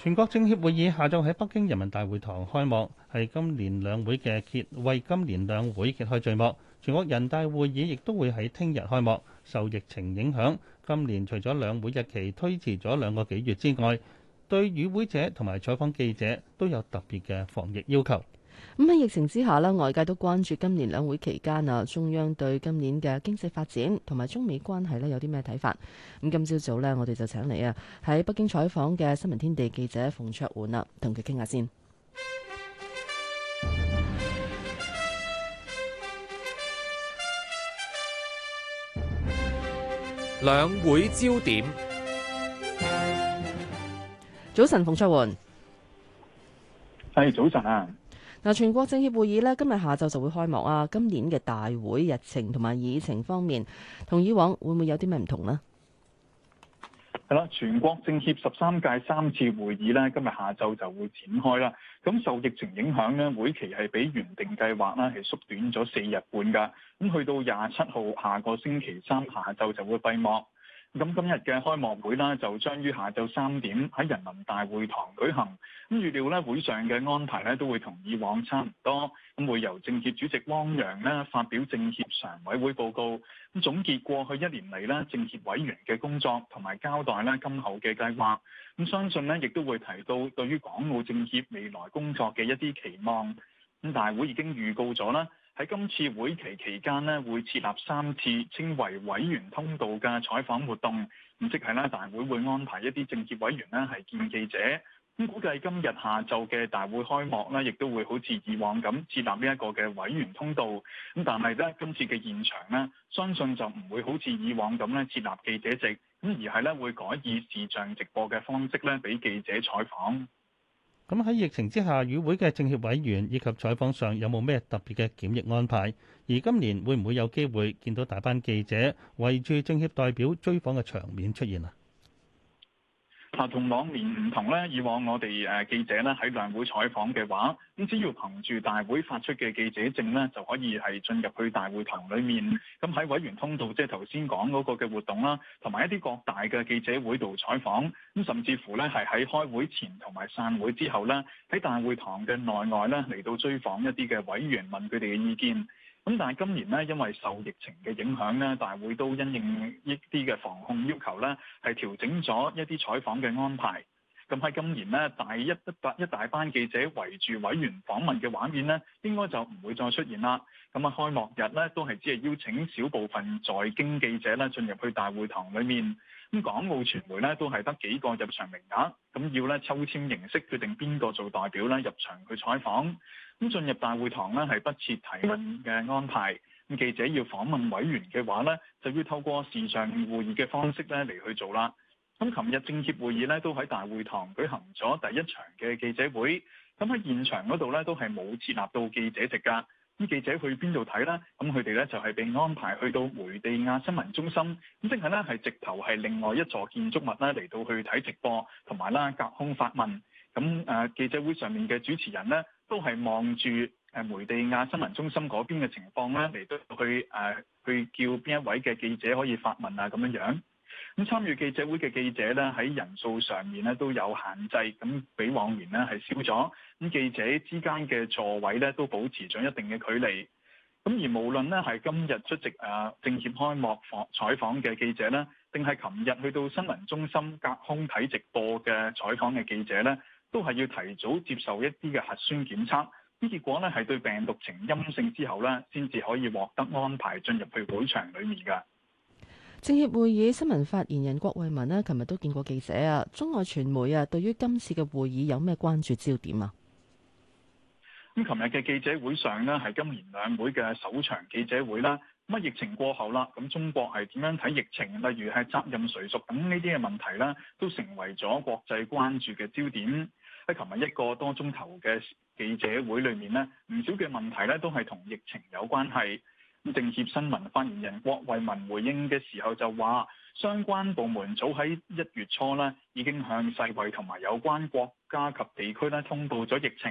全國政協會議下晝喺北京人民大會堂開幕，係今年兩會嘅揭，為今年兩會揭開序幕。全國人大會議亦都會喺聽日開幕。受疫情影響，今年除咗兩會日期推遲咗兩個幾月之外，對與會者同埋採訪記者都有特別嘅防疫要求。咁喺疫情之下呢，外界都關注今年兩會期間啊，中央對今年嘅經濟發展同埋中美關係呢有啲咩睇法？咁今朝早呢，我哋就請嚟啊喺北京採訪嘅新聞天地記者馮卓垣啦，同佢傾下先。兩會焦點。早晨，馮卓垣。係早晨啊。嗱，全國政協會議呢，今日下晝就會開幕啊！今年嘅大會日程同埋議程方面，同以往會唔會有啲咩唔同呢？係啦，全國政協十三屆三次會議呢，今日下晝就會展開啦。咁受疫情影響呢，會期係比原定計劃呢係縮短咗四日半㗎。咁去到廿七號下個星期三下晝就會閉幕。咁今日嘅開幕會啦，就將於下晝三點喺人民大會堂舉行。咁預料咧，會上嘅安排咧，都會同以往差唔多。咁會由政協主席汪洋呢發表政協常委會報告，咁總結過去一年嚟呢，政協委員嘅工作，同埋交代呢，今後嘅計劃。咁相信呢，亦都會提到對於港澳政協未來工作嘅一啲期望。咁大會已經預告咗啦。喺今次會期期間呢，會設立三次稱為委員通道嘅採訪活動，咁即係呢，大會會安排一啲政協委員呢係見記者，咁估計今日下晝嘅大會開幕呢，亦都會好似以往咁設立呢一個嘅委員通道，咁但係呢，今次嘅現場呢，相信就唔會好似以往咁呢設立記者席，咁而係呢會改以視像直播嘅方式呢俾記者採訪。咁喺疫情之下，與會嘅政協委員以及採訪上有冇咩特別嘅檢疫安排？而今年會唔會有機會見到大班記者圍住政協代表追訪嘅場面出現啊？同往年唔同咧，以往我哋誒記者咧喺兩會採訪嘅話，咁只要憑住大會發出嘅記者證咧，就可以係進入去大會堂裡面。咁喺委員通道，即係頭先講嗰個嘅活動啦，同埋一啲各大嘅記者會度採訪。咁甚至乎咧，係喺開會前同埋散會之後咧，喺大會堂嘅內外咧嚟到追訪一啲嘅委員，問佢哋嘅意見。咁但係今年呢，因為受疫情嘅影響呢，大會都因應一啲嘅防控要求呢，係調整咗一啲採訪嘅安排。咁喺今年呢，大一一百一大班記者圍住委員訪問嘅畫面呢，應該就唔會再出現啦。咁啊，開幕日呢，都係只係邀請小部分在京記者呢，進入去大會堂裏面。咁港澳傳媒咧都係得幾個入場名額，咁要咧抽籤形式決定邊個做代表咧入場去採訪。咁進入大會堂咧係不設提問嘅安排。咁記者要訪問委員嘅話咧，就要透過視像會議嘅方式咧嚟去做啦。咁琴日政協會議咧都喺大會堂舉行咗第一場嘅記者會。咁喺現場嗰度咧都係冇設立到記者席噶。啲記者去邊度睇呢？咁佢哋呢，就係被安排去到梅地亞新聞中心，咁即係呢，係直頭係另外一座建築物呢嚟到去睇直播，同埋呢隔空發問。咁誒記者會上面嘅主持人呢，都係望住誒梅地亞新聞中心嗰邊嘅情況呢，嚟到去誒去叫邊一位嘅記者可以發問啊咁樣樣。咁參與記者會嘅記者咧，喺人數上面咧都有限制，咁比往年咧係少咗。咁記者之間嘅座位咧都保持咗一定嘅距離。咁而無論咧係今日出席啊政協開幕訪採訪嘅記者咧，定係琴日去到新聞中心隔空睇直播嘅採訪嘅記者咧，都係要提早接受一啲嘅核酸檢測。啲結果咧係對病毒呈陰性之後咧，先至可以獲得安排進入去會場裡面嘅。政協會議新聞發言人郭衛民，呢琴日都見過記者啊，中外傳媒啊，對於今次嘅會議有咩關注焦點啊？咁琴日嘅記者會上呢，係今年兩會嘅首場記者會啦。咁疫情過後啦，咁中國係點樣睇疫情？例如係責任誰屬，等呢啲嘅問題咧，都成為咗國際關注嘅焦點。喺琴日一個多鐘頭嘅記者會裏面呢，唔少嘅問題呢，都係同疫情有關係。政協新聞發言人郭衛民回應嘅時候就話，相關部門早喺一月初呢已經向世衛同埋有關國家及地區咧通報咗疫情，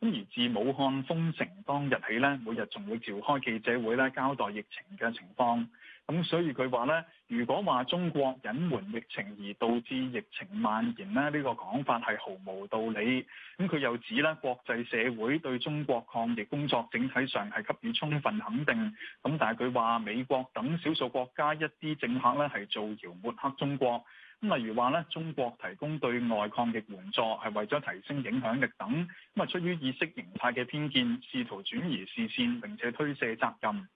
咁而自武漢封城當日起呢，每日仲會召開記者會咧交代疫情嘅情況。咁所以佢話咧，如果話中國隱瞞疫情而導致疫情蔓延呢，呢個講法係毫無道理。咁佢又指咧，國際社會對中國抗疫工作整體上係給予充分肯定。咁但係，佢話，美國等少數國家一啲政客咧係造謠抹黑中國。咁例如話咧，中國提供對外抗疫援助係為咗提升影響力等。咁啊，出於意識形態嘅偏見，試圖轉移視線，並且推卸責任。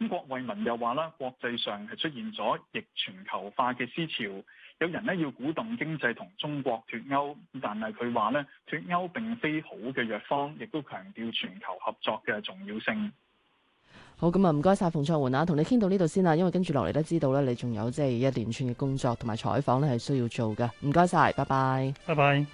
咁郭衛民又話啦，國際上係出現咗逆全球化嘅思潮，有人咧要鼓動經濟同中國脫歐，但係佢話咧脫歐並非好嘅藥方，亦都強調全球合作嘅重要性。好，咁啊，唔該晒馮卓垣啊，同你傾到呢度先啦，因為跟住落嚟都知道咧你仲有即係一連串嘅工作同埋採訪咧係需要做嘅，唔該晒，拜拜，拜拜。